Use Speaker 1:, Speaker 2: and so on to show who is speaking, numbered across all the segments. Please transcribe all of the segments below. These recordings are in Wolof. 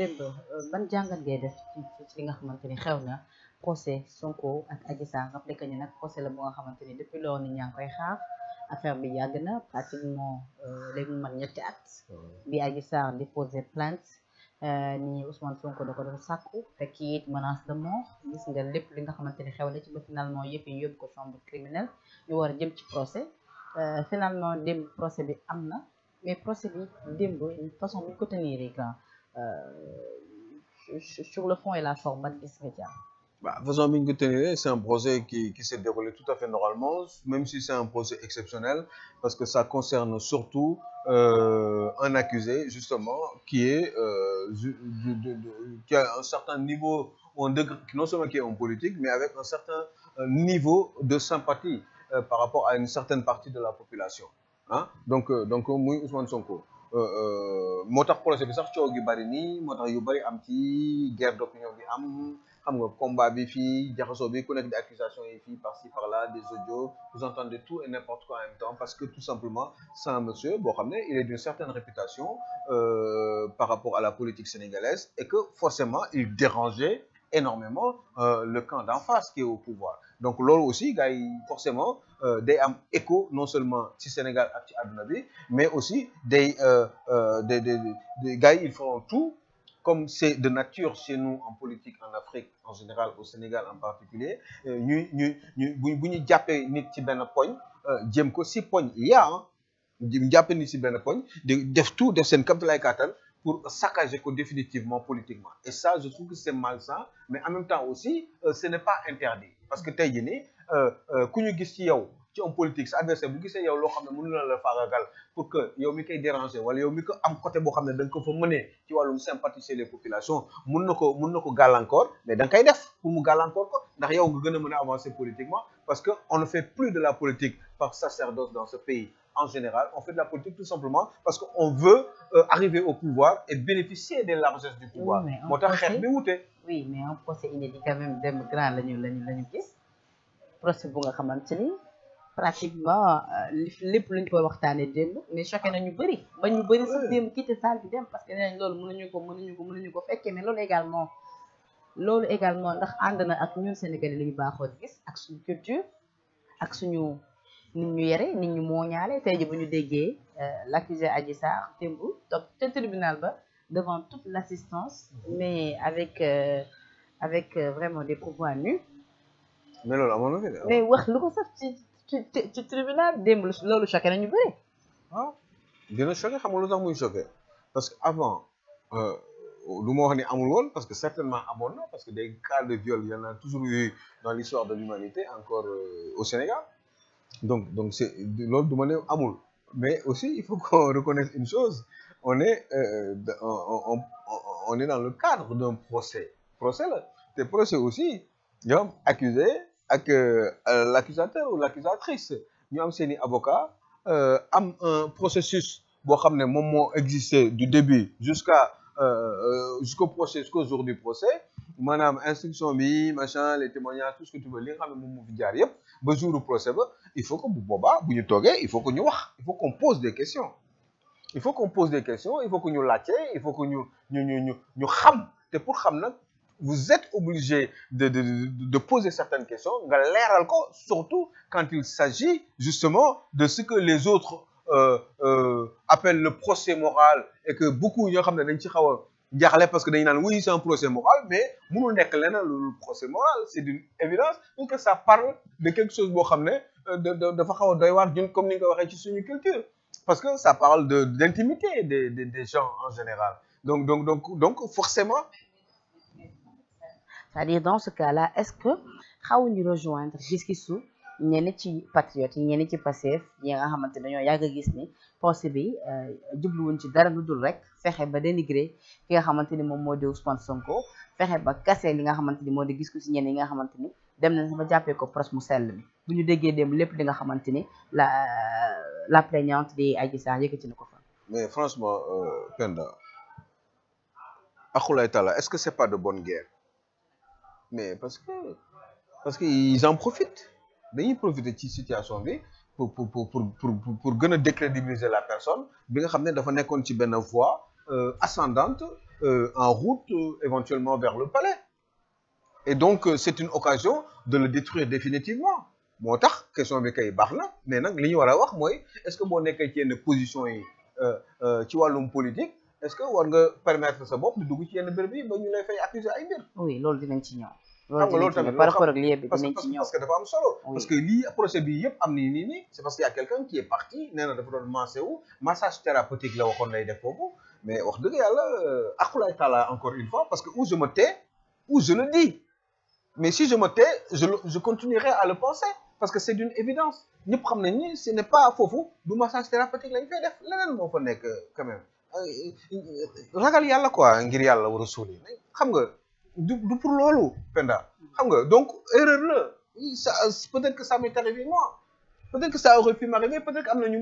Speaker 1: Bendo euh, ban jàngat ngay def ci nga xamante ni xew na procès Sonko ak Adji Sarr rappelé que ñu nag procès la bu xamante ni depuis loolu nit koy xaar affaire bi yàgg na pratiquement euh, léegi mu man ñetti at bi Adji Sarr di poser plainte euh, ni Ousmane Sonko da ko doon sàkku fekk it menace de mort gis nga lépp li nga xamante ni xew na ci ba finalement yëpp yi yóbbu ko chambre criminelle ñu war a jëm ci procès finalement démb procès bi am na mais procès bi démb façon bu ñu ko tenir Euh, sur le fond et la forme ban gis nga ci
Speaker 2: am waaw façon bi ñu ko tenir c'est un procès qui qui s'est déroulé tout à fait normalement même si c'est un procès exceptionnel parce que ça concerne surtout euh, un accusé justement qui est euh, de, de, de, qui a un certain niveau ou un degré non seulement qui est un politique mais avec un certain euh, niveau de sympathie euh, par rapport à une certaine partie de la population ah donc euh, donc muy Ousmane Sonko. Euh, euh, moo tax projet bi sax coow gi bari nii moo tax yu bari am ci guerre d'opinion bi am xam nga combat bi fii jaxasoo bi ku nekk di accusation yi fii par ci par là des audios vous entendez tout et n'importe quoi en même temps parce que tout simplement c'est un monsieur boo xam ne il est d'une certaine réputation euh, par rapport à la politique sénégalaise et que forcément il dérangeait énormément euh, le camp d'en face qui est au pouvoir donc loolu aussi gars yi forcément Euh, day am écho non seulement ci Sénégal ak ci àdduna bi mais aussi day euh, euh, des des gars yi ils feront tout comme c'est de nature chez nous en politique en Afrique en général au Sénégal en particulier ñuy ñuy ñu bu bu ñu jàppee nit ci benn poñ jëm ko si poñ yaa jàppee nit si benn poñ di def tout def seen kaptalaay kàttan pour saccager ko définitivement politiquement et ça je trouve que c'est malsain mais en même temps aussi ce n'est pas interdit parce que tey jii Euh, euh, ku ñu gis ci yow ci homme politique sa bu gisee yow loo xam ne mënu na la faagagal pour que yow mi koy déranger wala yow mi ko am côté boo xam ne da nga ko fa mënee ci wàllum les populations mun na ko mun na ko gàllankoor mais da nga def pour mu gàllankoor ko ndax yow nga gën a mën a avancer politiquement parce que on ne fait plus de la politique par sacerdoce dans ce pays en général on fait de la politique tout simplement parce que on veut euh, arriver au pouvoir et bénéficier des largesses du pouvoir moo tax xeet bi wute
Speaker 1: oui mais un procès procès bu nga xamante ni pratiquement euh, li lépp luñ koy waxtaanee démb mais choqué na ñu bëri ba ñu bëri sax démb quitté salle bi dem parce que nee nañ loolu mënuñu ko mënuñu ko mënuñu ko fekkee mais loolu également loolu ndax ànd na ak ñun Sénégalais li ñu baaxoo di gis ak suñu culture ak suñu nit ñu yere nit ñu mooñaale te ji bu ñu déggee euh, l'accusé aji Sarr démb toog te tribunal ba devant toute l'assistance mm-hmm. mais avec euh, avec euh, vraiment des propos nu Ah. mais loolu amoon ci ci ci tribunal démb loolu choqué nañu bëri. ah
Speaker 2: dina choqué parce que avant lu euh, ma wax ni amul woon parce que certainement amoon na parce que des cas de viol y en a toujours eu dans l'histoire de l'humanité encore euh, au Sénégal donc donc c'est loolu amul mais aussi il faut qu'on reconnaisse une chose on est euh, on, dans le cadre d'un procès procès la te procès accusé ak euh, l'accusateur ou l'accusatrice ñu am seen i avocat euh, am un processus boo xam ne moom moo existé du début jusqu'à euh, jusqu'au procès jusqu'au jour du procès maanaam instruction bi machin les témoignages tout ce que tu veux li nga xam ne moom moo jaar yëpp ba jour du procès il faut que bu boobaa bu ñu toogee il faut que ñu wax il pose des questions il faut qu'on pose des questions il faut que ñu laajte il faut que ñu ñu ñu ñu ñu xam te pour xam nag vous êtes obligé de, de, de, poser certaines questions ko surtout quand il s'agit justement de ce que les autres euh, euh, appellent le procès moral et que beaucoup ñoo xam ne dañ ci xaw a jaaxle parce que dañu naan oui c'est un procès moral mais mënul nekk leneen loolu procès moral c'est d'une évidence parce que ça parle de quelque chose boo xam ne euh, dafa xaw a waar ñun comme ni ko waxee ci suñu culture parce que ça parle de d'intimité des des des gens en général donc forcément
Speaker 1: c'est-à-dire dans ce que là est-ce que xawuñu rejoindre gis-gisu ñenn ci patriotes yi ñenn ci Pastef yi nga xamante dañoo yàgg a gis ni procès bi euh, jubluwuñ ci dara lu dul rek fexe ba dénigrer ki nga xamante ni moom moo di Ousmane Sonko fexe ba kase li nga xamante ni moo di gis-gisu ñenn yi nga xamante ni dem nañ ba jàppee ko procès mu sell bi bu ñu déggee dem lépp di nga xamante ni la euh, la plaignante di Adji Sarr yëkkati na ko fa.
Speaker 2: mais franchement euh, Penda akulaay tala est-ce que c'est mais parce que parce que ils en profitent dañuy profiter ci situation bi pour pour pour pour pour gën a décrédibiliser la personne bi nga xam ne dafa nekkoon ci benn voie euh, ascendante euh, en route euh, éventuellement vers le palais et donc c'est une occasion de le détruire définitivement moo tax question bi kay baax na mais nag li ñu war a wax mooy est-ce que boo nekkee ci yenn position ci wàllum politique. est-ce que war nga permettre sa bopp di dugg ci yenn béréb yi ba ñu lay fay accuser ay mbir. oui loolu dinañ ci ñëw. loolu parce que dafa am am nii nii c'est parce qu'il a quelqu'un qui est parti nee na dafa doon massage thérapeutique la waxoon lay def foofu mais wax dëgg yàlla euh, akulaay taala encore une fois parce que ou je me tais ou je le dis mais si je me tais je continuerai à le penser parce que c'est d'une évidence ñëpp am nañ ni ce n'est pas foofu du massage thérapeutique lañ fay def leneen moo fa nekk euh, ragal yàlla quoi ngir yàlla war a suuli xam nga du du pour loolu Penda xam nga donc erreur la ça peut-être que ça m'est arrivé moi peut-être que ça aurait pu m'arriver peut-être que am na ñu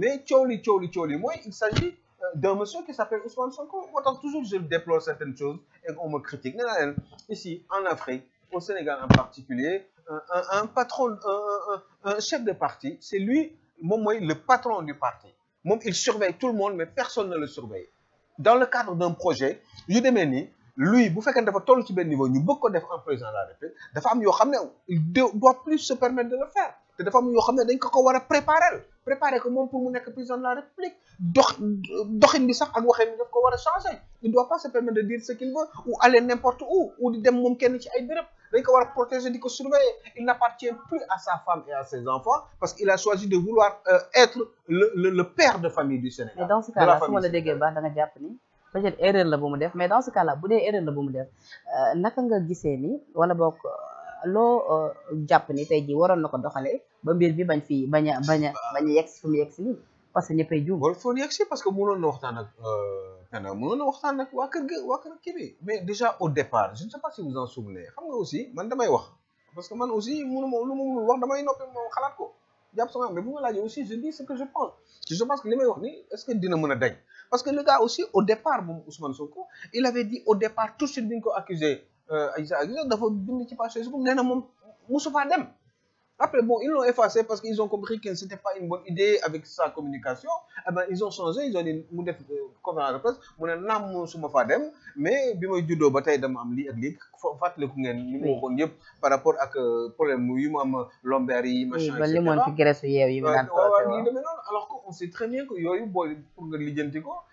Speaker 2: mais coow li coow li coow mooy il s'agit euh, d'un monsieur qui s'appelle Ousmane Sonko moo tax toujours je déplore certaines choses et on me critique nee naa leen ici en Afrique au Sénégal en particulier un un, patron un, de parti c'est lui moom mooy le patron du parti moom il surveille tout le monde mais personne ne le surveille dans le cadre d'un projet yu demee nii lui bu fekkee dafa toll ci benn niveau ñu bëgg ko def en président la République dafa am yoo xam ne il doit plus se permettre te dafa am yoo xam ne dañ ko ko war a préparer préparer ko moom pour mu nekk président de la République dox doxin bi sax ak waxin bi daf ko war a changer il doit pas se permettre de dire ce qu'il veut ou aller n'importe où ou di dem moom kenn ci ay béréb dañ ko war a protéger ko surveiller il à sa femme et à ses enfants parce qu'il a choisi de euh, de famille du Sénégal. mais dans ce cas-là su
Speaker 1: jàpp ni peut-être erreur bu mu def mais dans ce bu dee erreur la bu mu def euh, naka nga gisee ni wala boog euh, loo jàpp ni tey jii waroon na ko doxalee ba mbir bi bañ fii bañ a bañ a bañ a yegg si fu mu yegg si nii parce
Speaker 2: que ñëppay juum. parce que mënoon na waxtaan ak. xanaa mënoon na waxtaan nag waa waa kër kii mais déjà au départ je ne sais pas si vous en souvenez xam nga aussi man damay wax parce que man aussi mënu ma wax damay noppi moom xalaat ko jàpp sama mais bu ma laajee aussi je dis ce que je pense je pense que li may wax ni est-ce que dina mën a dañ parce que le gars aussi au départ moom Ousmane Sonko il avait dit au départ tout de suite bi ko accusé dafa bind ci page Facebook nee na moom mosu dem Après, bon, ils l'ont effacé parce qu'ils ont compris que ce n'était pas une bonne idée avec sa communication. Eh ils ont changé, ils ont dit, euh, nous de presse, nous n'avons pas fait mais bi moy juddo ba tay dama am li ak li fatale ko ngeen ni mo yépp par rapport ak euh, problème yu mo am lombaire yi machin ba li mon ci
Speaker 1: graisse yew alors
Speaker 2: qu'on sait très bien que yoyu boy pour nga lijeenti ko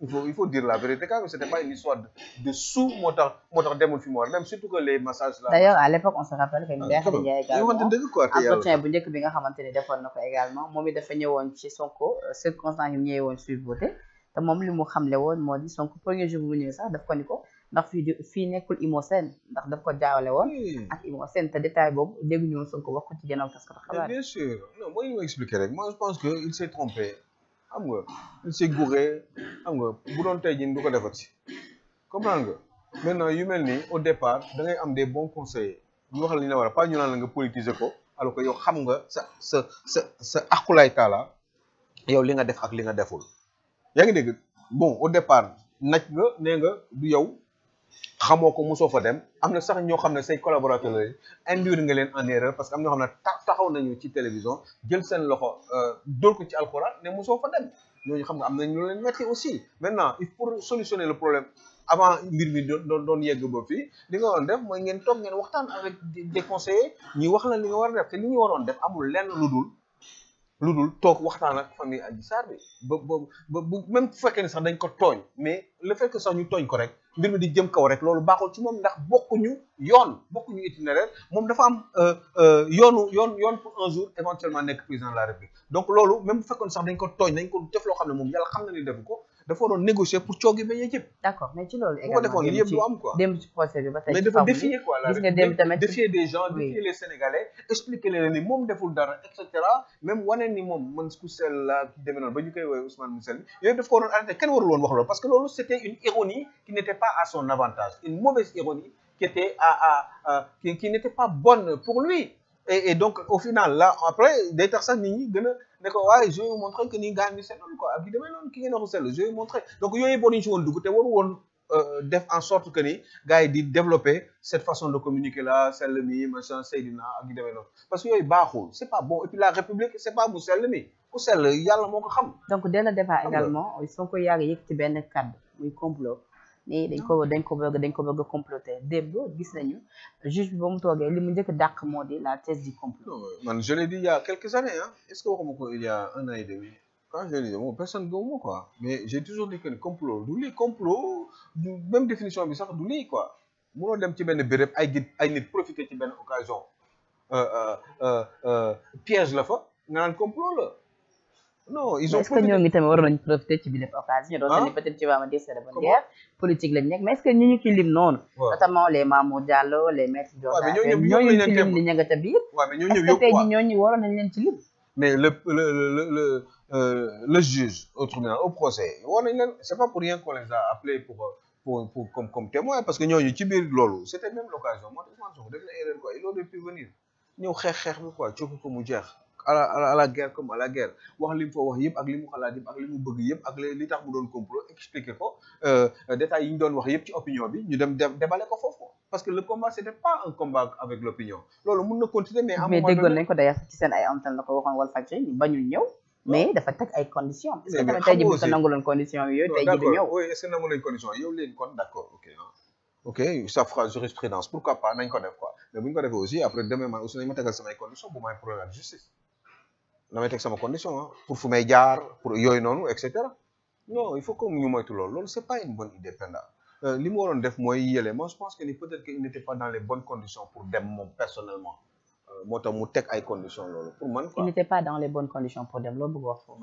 Speaker 2: il faut dire la vérité quand même c'était une histoire de sous moo tax moo tax demul fi mu war dem surtout que d'ailleurs à
Speaker 1: l'époque on se rappelle que ah, Ndeye Khady également entretien bu njëkk bi nga xamante ne defoon na ko également moom it dafa ñëwoon ci Sonko euh, circonstance yi mu ñëwee woon suy voté te moom li mu xamle woon moo di Sonko premier jour bu ñëwee sax daf ko ko ndax fii nekk fii nekkul ndax daf ko jaawale woon. ak Imosène te détail boobu dégguñu woon Sonko wax ko ci gànnaaw taskatu
Speaker 2: xabaar. bien sûr non xam nga il s'est gouré xam nga bu doon tey jii du ko defati comprendre nga maintenant yu mel nii au départ da ngay am des bons conseillers ñu wax la ñu la war a pas ñu naan la nga politiser ko alors que yow xam nga sa sa sa sa akulaay taala li nga def ak li nga deful yaa ngi dégg bon au départ naj nga nee nga du yow xamoo ko mosoo fa dem am na sax ñoo xam ne say collaborateur lañ induire nga leen en erreur parce que am na ñoo xam ne taxaw nañu ci télévision jël seen loxo euh, dóor ko ci alxuraan ne mosoo fa dem ñooñu xam nga am na ñu leen metti aussi maintenant il pour solutionner le problème avant mbir mi doon doon yegg ba fii li nga waroon def mooy ngeen toog ngeen waxtaan avec des conseillers ñu wax la li nga war a def te li ñu waroon def amul lenn lu dul lu dul toog waxtaan ak famille Adji Sarr bi ba ba bu même bu fekkee ne sax dañ ko tooñ mais lu fait sax ñu tooñ ko rek mbir mi di jëm kaw rek loolu baaxul ci moom ndax bokkuñu yoon bokkuñu itinéraire moom dafa am euh, euh, yoonu yoon yoon pour un jour éventuellement nekk président de la République donc loolu même bu fekkoon sax dañ ko tooñ dañ ko def loo xam ne moom yàlla xam na ni defu ko dafa waroon négocier pour coow gi bañ d'accord mais ci loolu. également démb ci démb ci quoi la rek des gens défier sénégalais expliquer leen ni moom deful dara et cetera même wane ni moom man ku sell laa demee noonu ba ñu koy woowee Ousmane Moussel yooyu daf ko waroon arrêté kenn warul woon wax loolu parce que loolu c'était une ironie qui n'était pas à son avantage une mauvaise ironie qui n'était pas bonne pour lui et donc au final là après day tax sax nit ñi gën ne ko waaye je vous montre que ni gars yi seetlu quoi ak yu demee noonu ki ngeen waxu seetlu je vous montre donc yooyu boo ñu ci woon dugg te waru euh, def en sorte que ni gars yi di développer cette façon de communiquer là sell mi machin Seydina ak yu demee noonu parce que yooyu baaxul c'est pas bon et la république c'est pas bu sell mi ku sell moo ko xam.
Speaker 1: donc dès le départ également soo ko yàgg yëg ci benn kàddu muy complot. ni dañ ko dañ ko bëgg dañ gis nañu juge bi ba mu toogee li mu njëkk dàq moo di la thèse du complot
Speaker 2: man je l'ai dit il quelques années est-ce que waxuma ko il y un an et demi quand je l'ai dit moom quoi mais j'ai toujours dit que ni complot du lii complot du même définition bi sax du lii quoi munoo dem ci benn béréb ay git ay nit profiter ci benn occasion euh, euh, euh, piège la fa nga naan complot la
Speaker 1: non ils ont est-ce que profité ci bi lépp occasion doon tani ah? peut-être tu vas me dire la nekk mais est-ce que ñu ñu ci noonu notamment les Mamour Diallo les maîtres Diop ñooñu ci lim ni ña nga ci lim
Speaker 2: mais le le euh, juge au tribunal au procès a nañ leen c'est pas pour rien a appelés pour pour pour comme témoin parce que ñooñu ci biir loolu c'était même l'occasion moo tax Ousmane Sonko il aurait pu venir ñëw xeex xeex bi quoi cooku ko mu jeex à la à la guerre comme à la guerre wax li mu fa wax yëpp ak li mu xalaat yëpp ak li mu bëgg yëpp ak li tax mu doon complot expliquer ko euh, détails yi ñu doon parce que le combat c'était pas un combat avec l'opinion loolu mun na
Speaker 1: continuer mais mais déggoon nañ ko d'ailleurs ci seen ay antenne la ko waxoon ñu bañu mais dafa teg ay conditions est-ce que tamit tey ji bu ko
Speaker 2: condition yooyu tey ji du ñëw oui est-ce d'accord ok ok fera jurisprudence pourquoi pas damay teg sama condition ah, pour fu may jaar pour yooyu noonu et cetera non il faut que ñu moytu loolu loolu c'est pas une bonne idée Penda euh, li def mooy yële moi je pense que ni peut-être qu'il n'était pas dans les bonnes conditions pour dem moom personnellement euh, moo tax teg ay conditions loolu pour man quoi. il n'était
Speaker 1: pas dans les bonnes conditions pour dem loolu bëgg wax euh,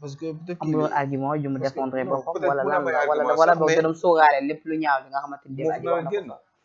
Speaker 1: parce que peut-être amul woon argument ju mu défendre boppam wala lan nga xamante
Speaker 2: ni. moom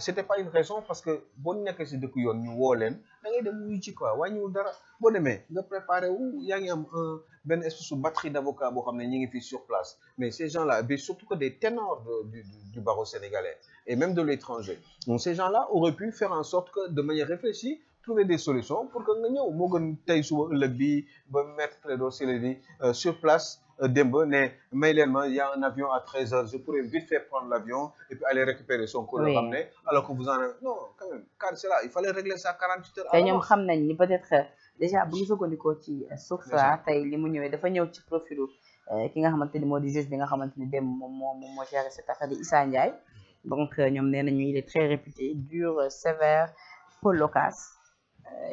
Speaker 2: c'était pas une raison parce que boo nekkee si dëkk yoon ñu woo leen da ngay dem wuyu ci quoi wàññiwul dara boo demee nga préparé wu yaa ngi am benn espèce su batterie d'avocats boo xam ne ñi ngi fii sur place mais ces gens là bi surtout que des ténors du du barreau sénégalais et même de l'étranger donc ces gens là auraient pu faire en sorte que de manière réfléchie trouver des solutions pour que nga ñëw moo gën tey suba ëllëg bi ba mettre Clédor Ciré Ly sur place Euh, démb ne may leen ma y a un avion à 13 heures je pourrais vite fait prendre l'avion et puis récupérer son cours oui. xam ne alors que vous en avez non quand même car c'est là ñoom xam
Speaker 1: nañ ni peut-être déjà bu ñu soogandikoo ci source tey li mu ñëwee dafa ñëw ci profilu euh, ki nga xamante ni moo di bi nga xamante ni démb moom moo moom moo géré cette donc euh, ñoom nee nañu il est très réputé dur sévère polocasse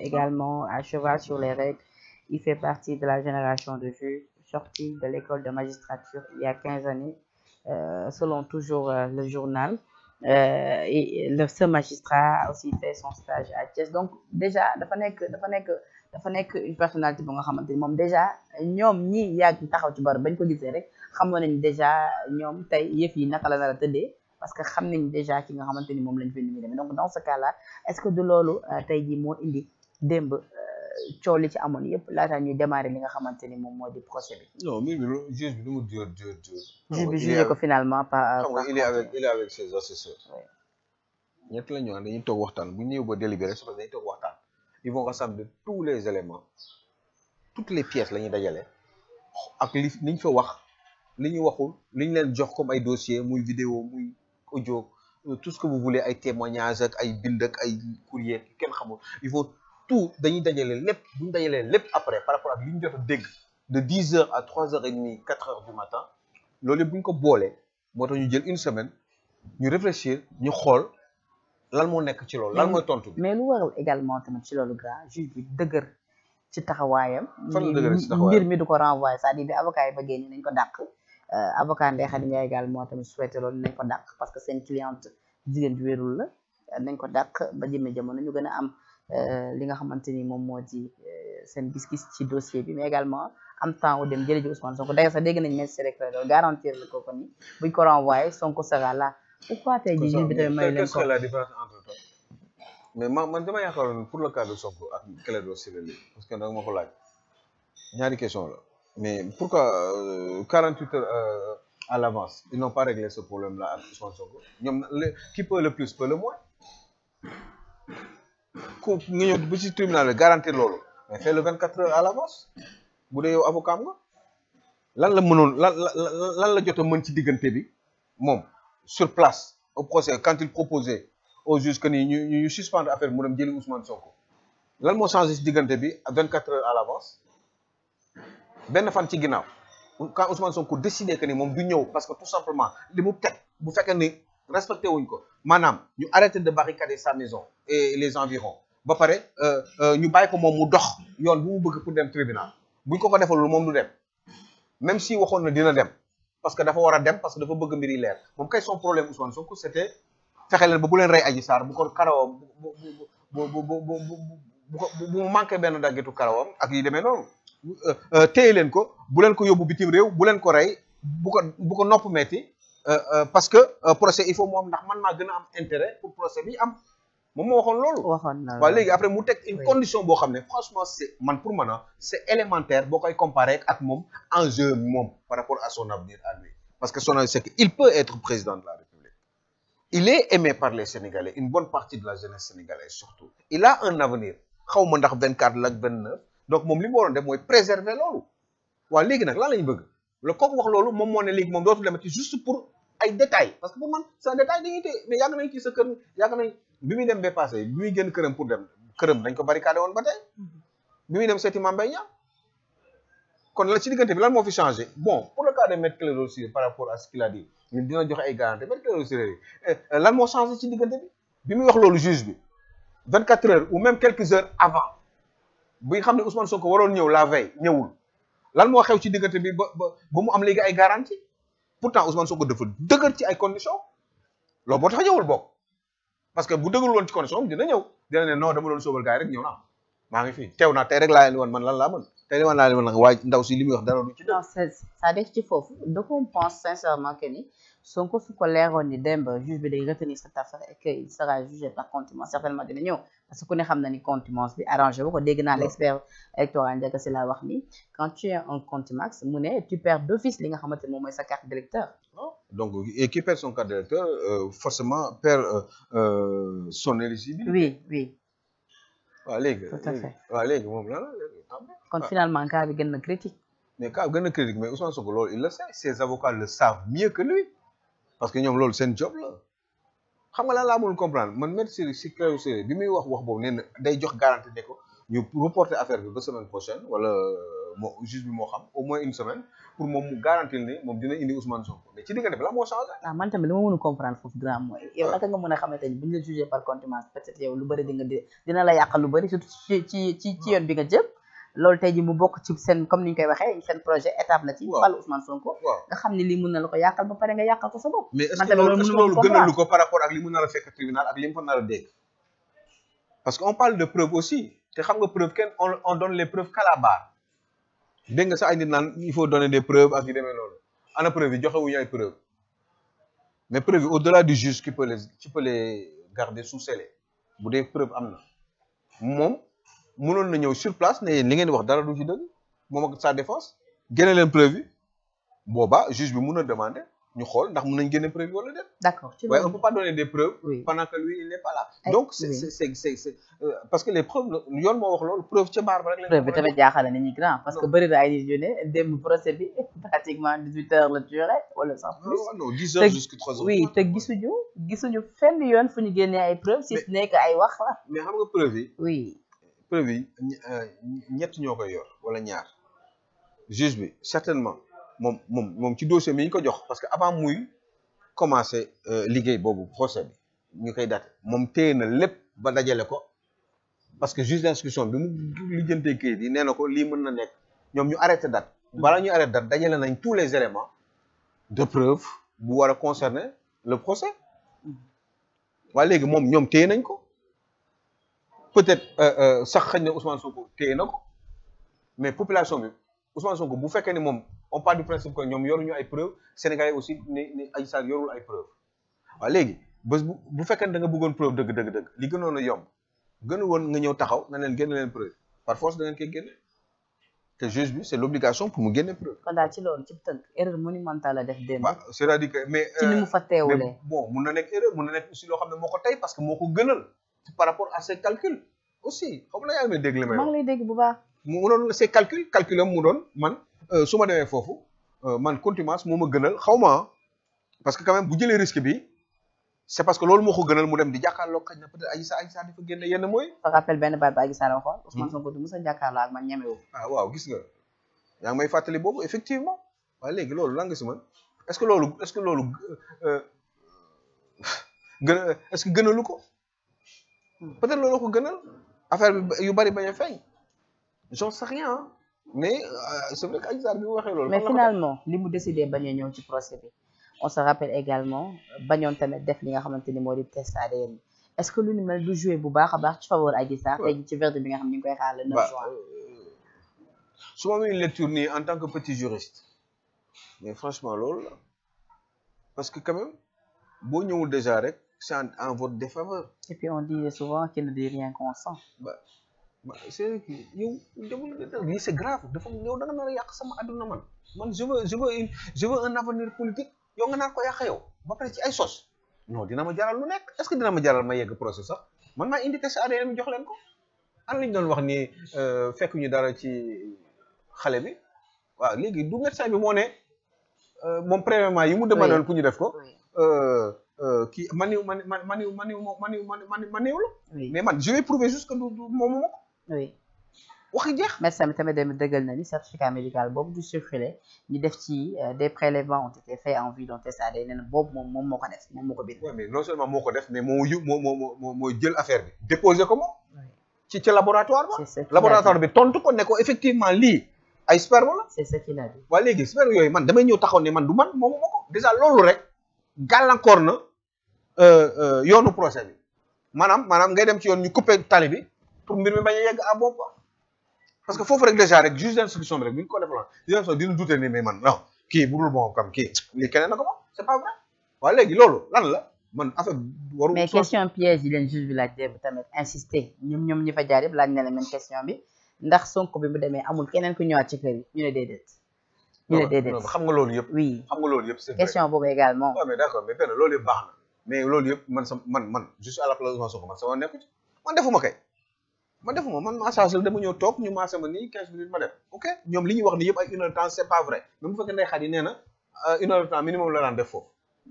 Speaker 1: également à cheval sur les règles il fait partie de la génération de juges sorti de l'école de magistrature il années, euh, selon toujours euh, le journal. Euh, et le, ce magistrat a aussi fait son stage à Thiès. Donc, déjà, dafa nekk dafa nekk dafa nekk une personnalité bu nga xamante ni moom déjà ñoom ñi yàgg taxaw ci bor bañ ko gisee rek xamoon nañ déjà ñoom tey yëf yi naka la nar a parce que xam nañ déjà ki nga xamante ni moom lañ fi ni demee donc dans ce cas là est-ce que du loolu euh, tey jii moo indi démb. Euh, coow li ci amoon yëpp laataa ñuy démarrer li nga xamante ni moom moo de procès
Speaker 2: bi. non mbir mi juge bi lu mu dior dior ko
Speaker 1: finalement par xam euh, nga
Speaker 2: il est avec ses assesseurs. ñett la ñu wax dañuy toog waxtaan bu ñu ñëwee ba délibéré su dañuy toog waxtaan ils vont rassembler tous les éléments toutes les pièces lañuy dajale ak li li ñu fa wax li ñu waxul li leen jox comme ay dossier muy vidéo muy audio euh, tout ce que vous voulez ay témoignages ay bind ak ay courrier kenn tout dañuy dajalee lépp bu dajalee lépp après par rapport ak li ñu jot dégg de dix heures à trois heures et demie quatre heures du matin loolu yëpp bu ko boolee moo tax ñu jël une semaine ñu réfléchir ñu xool lan moo nekk ci loolu. lan mooy tontu
Speaker 1: bi mais lu waral également tamit ci loolu grand juge bi dëgër ci taxawaayam. fan la dëgër ci taxawaayam mbir mi du ko renvoyer c'est-à-dire bi avocat yi ba génne nañ ko dàq. Euh, avocat Ndeye Khady Ndiaye également tamit souhaité loolu nañ ko dàq parce que seen cliente jigéen ju wérul la euh, nañ ko dàq ba jëmee jamono ñu gën a am. Euh, li nga xamante ni moom moo di euh, seen gis ci dossier bi mais également am temps u dem jële ji Ousmane Sonko d'ailleurs sax dégg nañ ministre recrédo garantir la kooku ni buñ ko renvoyé Sonko sera là pourquoi tey ji juge bi la différence
Speaker 2: entre toi mais man man dama yaakaaroon pour le cas de Sonko ak Clédor Ciré Ly parce que danga ma ñaari question mais pourquoi euh, quarante huit heures à l'avance ils n'ont pas réglé ce problème là ak Ousmane Sonko ñoom qui peut le plus peut le moins ku nga ñëw ba ci tribunal bi garantir loolu mais fais le vingt quatre heures à l'avance bu dee yow avocat am nga la mënoon lan la jot a mën ci diggante bi moom sur place au procès quand il proposait au juge que ni ñu ñu suspendre affaire mu dem jëli Ousmane Sonko lan moo changé ci diggante bi vingt quatre heures à l'avance benn fan ci ginnaaw quand Ousmane Sonko décidé que moom du ñëw parce que tout simplement li mu teg bu fekkee ni. respecté wuñ ko maanaam ñu arrêté de barricader sa maison et les environs ba pare ñu bàyyi ko moom mu dox yoon bu mu bëgg pour dem tribunal buñ ko ko lu moom du dem même si waxoon na dina dem parce que dafa war a dem parce que dafa bëgg mbir yi leer moom kay son problème Ousmane ko c'était fexe leen ba bu leen rey Adji saar bu ko karawam bu bu bu bu bu bu manqué benn daggitu karawam ak yi demee noonu téye leen ko bu leen ko yóbbu bitim réew bu leen ko rey bu ko bu ko nopp metti Euh, euh, parce que euh, procès il faut moom ndax man maa gën a am intérêt pour procès bi am moom moo waxoon loolu. waxoon na après mu teg une condition boo xam ne franchement c'est man pour man c'est élémentaire boo koy comparer ak en enjeu moom par rapport à son avenir à parce que son avenir c'est que il peut être président de la République. il est aimé par les Sénégalais une bonne partie de la jeunesse sénégalaise surtout il a un avenir xaw ma ndax 24 la ak moom li mu waroon def mooy préserver loolu waaw léegi lan lañ bëgg la wax loolu moom moo ne léegi moom dootul ay détails parce que pour man c'est un détail dañuy téye mais yàgg nañ ci sa kër yàgg nañ bi muy dem ba passé bi muy génn këram pour dem këram dañ ko barricadé woon ba tey mhm. bi muy dem seeti Mame Mbaye Niang kon la ci diggante bi lan moo fi changé bon pour le cas de Maître Clédor Ciré par rapport à ce a dit dina joxe ay garantie Maître Clédor Ciré eh, eh, lan moo changé ci diggante bi bi muy wax loolu juge bi 24 heures ou même quelques heures avant bi nga xam ne Ousmane Sonko waroon ñëw la veille ñëwul lan moo xew ci diggante bi ba ba ba mu am léegi ay garantie pourtant Ousmane Sonko dafa dëgër ci ay conditions loolu boo tax ñëwul bokk parce que bu dëgërul woon ci condition dina ñëw dina ne non dama doon sóobal gars yi rek ñëw naa maa ngi fi tew naa tey rek laa woon man lan laa mën tey man laa leen ndaw si li muy wax dara du ci.
Speaker 1: non cest à ci foofu de qu'on pense sincèrement que ni. Sonko su ko leeroon ni demb juge bi day retenir cette affaire que il sera jugé par contumace certainement dina ñëw parce que ku ne xam na ni contumace bi arrangé wu ko dégg naa l'expert électoral Ndiaga Sylla wax ni quand tu es un contumax mu tu perds d'office li nga xamante moom mooy sa carte d'électeur
Speaker 2: donc et qui perd son carte d'électeur euh, forcément perd euh, euh, son éligibilité oui oui waaw léegi tout à fait waaw léegi moom la kon ah.
Speaker 1: finalement cas gën na critique
Speaker 2: mais cas bi gën parce que ñoom loolu seen job la xam nga lan laa comprendre man maître si kaw Ciré bi muy wax wax boobu nee day jox garantie ne ko ñu reporter affaire bi ba semaine prochaine wala euh, moo bi moo xam au moins une semaine pour moom mu garantir ne moom dina indi Ousmane Sonko ci diggante bi la moo changé. waaw
Speaker 1: ah, man tamit li ma a comprendre foofu dina am mooy ah. yow naka nga mën a xamante ni bu ñu la jugé par contumace peut-être lu bëri dina la yàqal lu bëri ci ci ci yoon loolu tey ji mu bokk ci seen comme ni ñu koy waxee seen projet étape la ci fàllu Ousmane Sonko nga xam ne lii mën na la ko yàqal ba pare nga yàqal ko sa bopp mais est-ce que loolu gënalu
Speaker 2: ko par rapport ak li mu nar a fekk tribunal ak li mu fa nar a dégg parce que on parle de preuve aussi te xam nga preuve kenn on donne les preuves qu'à la barre dégg nga sax ay nit naan il faut donner des preuves ak yu demee loolu ana preuve yi joxewuñu ay preuve mais preuve yi au-delà du juge qui peut les qui peut les garder sous scellé bu dee preuve am na moom mënoon na ñëw sur place ne li ngeen di wax dara du ci dëgg moom ak sa défense génne leen preuve yi boobaa juge bi mun a demander ñu xool ndax mun nañ génne preuve wala déet. d'accord waaye on peut pas donner des preuves. Oui. pendant que lui il n'est pas là. Ay, eh, donc c'est oui. c'est c'est c'est euh, parce que les preuves yoon moo wax loolu preuve ca mbaar ba rek. preuve bi tamit
Speaker 1: jaaxal na nit ñi grand parce que bëri na ay nit ñu ne dem procès bi pratiquement dix huit heures la durée wala sax ah plus. non non dix heures jusqu'à trois heures. oui te gisuñu gisuñu fenn yoon fu ñu génnee ay preuves si ce n'est que ay wax
Speaker 2: la. mais xam nga preuve yi. oui. preuve yi euh, ñett ñoo koy yor wala ñaar juge bi certainement moom moom moom ci dossier mi ñu ko jox parce que avant muy commencé euh, liggéey boobu procès bi ñu koy date moom téye na lépp ba dajale ko parce que juge d'instruction bi mu lijjantee kayit yi nee na ko lii mën na nekk ñoom ñu arrêté date balaa ñu arrêté date dajale nañ tous les éléments de preuve bu war a concerner le procès mm-hmm. waaye léegi moom ñoom téye nañ ko peut-être euh, euh, sax xëy na Ousmane Sonko téye na ko mais population bi Ousmane Sonko bu fekkee ni moom on part du principe que ñoom yoruñu ay preuves Sénégalais aussi ne ne Adji Sarr yorul ay preuves waaw léegi bés bu bu fekkee ne da nga bëggoon preuve dëgg dëgg li gënoon a yomb gënu woon nga ñëw taxaw na leen génne leen preuve par force da ngeen koy génne te juge bi c'est l'obligation pour mu génne preuve.
Speaker 1: kon ci loolu ci tënk erreur monumentale la def démb.
Speaker 2: c'est-à-dire que mais. ci euh, mun na nekk erreur loo xam ne moo ko tey parce que moo ko gënal. par rapport à ses calculs aussi xam nga yaa ngi may dégg li may wax maa ngi lay dégg bu baax. mu doon ses calculs calcul mu doon man eh, su ma demee foofu eh, man contumace moom ma gënal xaw ma parce que quand bu jëlee risque bi c' est parce que loolu moo ko gënal mu dem di jàkkaarloo xaj na peut être Adji Sarr Adji Sarr dafa
Speaker 1: génne yenn mooy. fa rappel benn baat ba Adji Sarr waxoon hmm. Ousmane Sonko du mës a jàkkaarloo man ñemewu. Ah, waaw gis nga
Speaker 2: yaa ngi may fàttali boobu effectivement waaye léegi loolu lan nga si man est ce que loolu est ce que loolu euh, euh, ko. Hmm. peut-être loolu ko gënal affaire yu bari bañ a feeñ j'en sais rien mais euh, c'est vrai que Adji Sarr bi mu waxee finalement
Speaker 1: li mu décidé bañ a ñëw ci procès bi on se rappelle également bañoon tamit def li nga xamante ni moo di test ADN bi est-ce que lu ni mel du jouer bu baax a baax ci faveur Adji Sarr tey ci verdict bi nga xam ni ñu koy xaar le 9 euh,
Speaker 2: su ma amee une lecture nii en tant que petit juriste mais franchement loolu la parce que quand boo ñëwul déjà rek chante en votre défaveur.
Speaker 1: Et on dit souvent qu'il ne
Speaker 2: dit rien consent. Bah, bah c'est yow lii c'est grave dafa yow da nga nar a yàq sama adduna man man je veux un avenir politique yow nga naan ko yàq yow ba pare ci ay sos non dina ma jaral lu nekk est-ce que dina ma jaral ma yegg procès sax man maa indi test ADN mi jox leen ko an lañ doon wax ni euh, fekk ñu dara ci xale bi waaw léegi du médecin bi moo ne euh, moom premièrement yi mu demandoon ku ñu def ko euh, kii maniw man maniw maniw maniw maniw maniw la. mais man je vais prouver juste que du du moomu ma ko. oui
Speaker 1: waxi jeex. médecin bi tamit na ni certificat médical boobu du circulé ñu def na
Speaker 2: boobu moom moom moo ko moom moo ko bind. waaw mais non seulement moo ko moo yu moo moo moo jël affaire ko moom. ci ci laboratoire ba. bi tontu ko ne ko effectivement lii. ay sperme la. c'est ce qu'il a dit. yooyu man damay ñëw taxaw ne man du man moomu ma ko déjà loolu rek gàllankoor na. Euh, euh, yoonu procès bi maanaam maanaam ngay dem si yoon ñu coupé tali bi pour mbir mi bañ a yegg à bon quoi parce que foofu rek déjà rek juge d'instruction bi rek bu ñu ko defaloon juge d'instruction dina douter ni mais man non kii budul bon kam kii lii keneen na ko moom c'est pas vrai waaw léegi loolu lan la man affaire
Speaker 1: waru. mais question piège yi leen juge bi laaj démb tamit insister ñoom ñoom ñi fa jaar yëpp laaj na la même question bi ndax Sonko bi mu demee amul keneen ku ñëwaat ci kër yi ñu ne déedéet.
Speaker 2: ñu yëpp. oui xam nga yëpp c'est question baax mais loolu yëpp man sa man man je suis à la place de Sonko man sama nekku ci man defuma kay man defuma man massage la dama ñëw toog ñu massé ma nii 15 minutes ma def ok ñoom li ñuy wax ni yëpp ay une heure de temps c'est pas vrai même bu na euh, une heure de temps minimum def foofu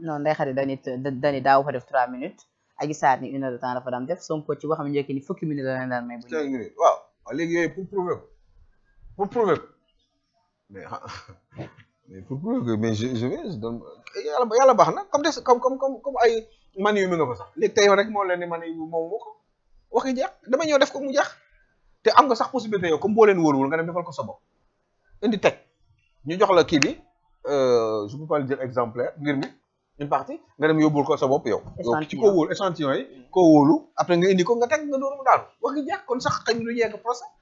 Speaker 1: non Ndeye Khady danit daaw fa def 3 minutes Adji Sarr ni une heure de temps la daan def Sonko ci waxam njëkk ni fukki minutes la leen daan may bu
Speaker 2: 15 minutes waaw waaw léegi yooyu pour prouver pour prouver mais pour que baax na comme des comme comme ay man yu mi nga sax léegi tey rek moo leen man yu moom moo ko waxi jeex dama ñëw def ko mu jeex te am nga sax possibilité yow comme boo leen wóoruwul nga dem defal ko sa bopp indi teg ñu jox la kii bi euh, je peux pas le dire exemplaire ngir mi une partie nga dem yóbbul ko sa bopp yow. ci ko wóolu échantillon yi. koo wóolu après nga indi ko nga teg nga dóor mu daanu waxi jeex kon sax xëy na du yegg procès.